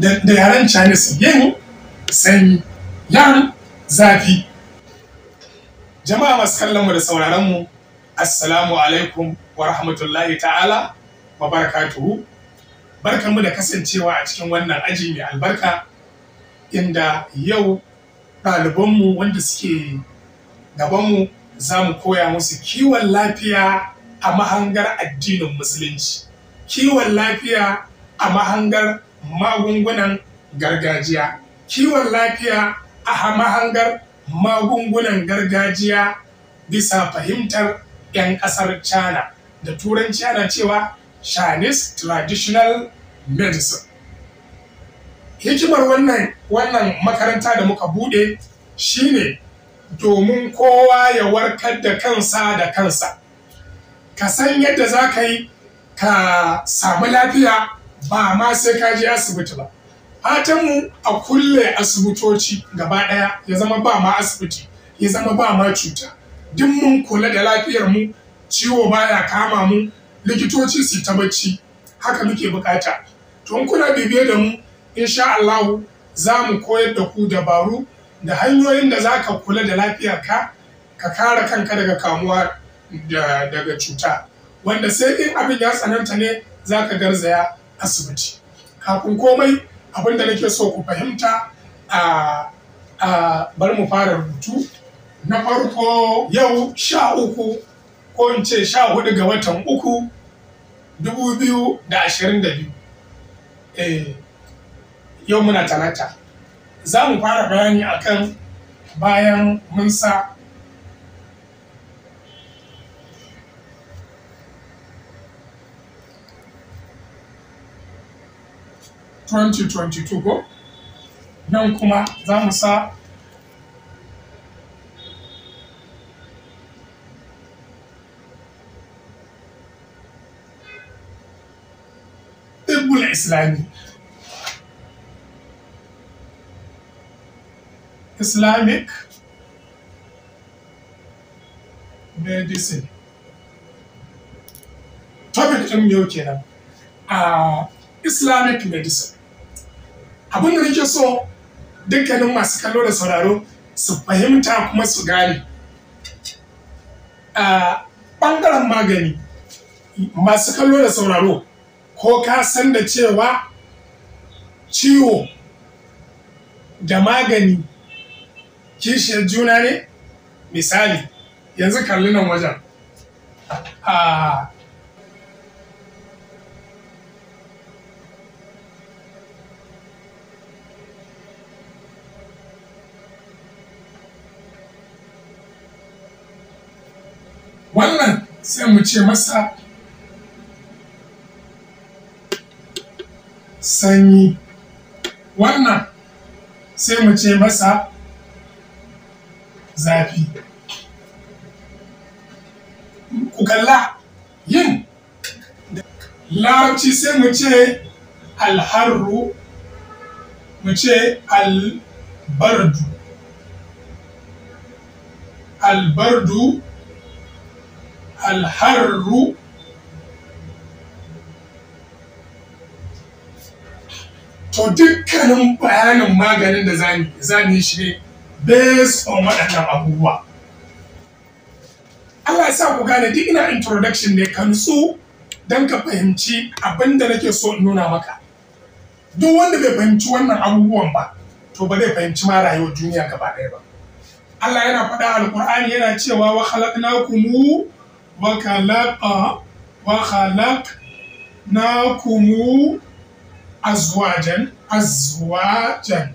da yaren su yin sanyi yan zafi jama'a masu kallon mu da sauraron mu assalamu alaikum wa rahmatullahi ta'ala wa barakatuhu mu da kasancewa a cikin wannan aji mai albarka inda yau ɗalibanmu wanda suke gabanmu za mu koya musu kiwon lafiya a mahangar addinin musulunci kiwon lafiya a mahangar magungunan gargajiya kiwon lafiya a mahangar magungunan gargajiya bisa fahimtar 'yan ƙasar china da turanci ana cewa chinese traditional medicine hikimar wannan wannan makaranta da muka bude shine domin kowa ya warkar da kansa da kansa ka san yadda za ka yi ka samu lafiya ba ma sai ka je asibiti ba mu a kulle asibitoci gaba ɗaya ya zama ba ma asibiti ya zama ba ma cuta duk mun kula da lafiyar mu ciwo baya kama mu likitoci su ta bacci haka muke bukata to in kuna bibiye da mu insha Allah za mu koyar da ku dabaru da hanyoyin da za ka kula da ka ka kare kanka daga kamuwa daga cuta wanda sai in abin ya tsananta ne za ka garzaya asibiti kafin komai abin da nake so ku fahimta a bari mu fara rubutu na farko yau sha uku ko in ce sha hudu ga watan uku dubu biyu da ashirin da biyu eh, yau muna talata za mu fara bayani akan bayan mun sa 2022 ko nan kuma za mu sa ɗibbul islami islamic kenan a ah, islamic medicine abin da nake so dukkanin masu kallo da sauraro su fahimta kuma su gane a ɓangaren magani masu kallo da sauraro ko ka san da cewa ciwo da magani kishiyar juna ne misali yanzu kalli nan wajen wannan sai mu ce masa sanyi wannan sai mu ce masa zafi ku kalla yin larabci sai mu ce alharru mu ce albardu albardu alharru to dukkanin bayanin maganin da za mu yi shi ne based on waɗannan abubuwa Allah ya sa ku gane duk ina introduction ne ka nutsu don ka fahimci abinda da nake so in nuna maka duk wanda bai fahimci wannan abubuwan ba to ba zai fahimci ma rayuwar duniya gaba ɗaya ba Allah yana faɗa alƙur'ani yana cewa wa khalaqnakum وخلقناكم أزواجا أزواجا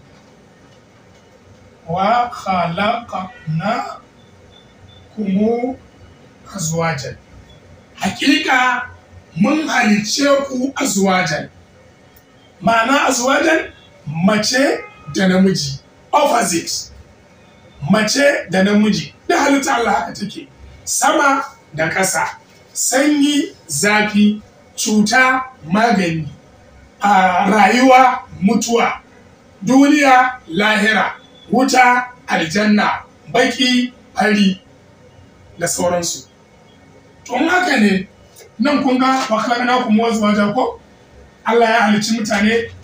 وخلقناكم أزواجا حقيقة من halicceku azwajan ma'ana azwajan mace da namiji opposites mace da namiji da halitta Allah haka take sama da ƙasa sanyi zafi cuta magani a rayuwa mutuwa duniya lahira wuta aljanna baki fari da sauransu tun haka ne nan kun ga wakar na kuma wajen ko Allah ya halicci mutane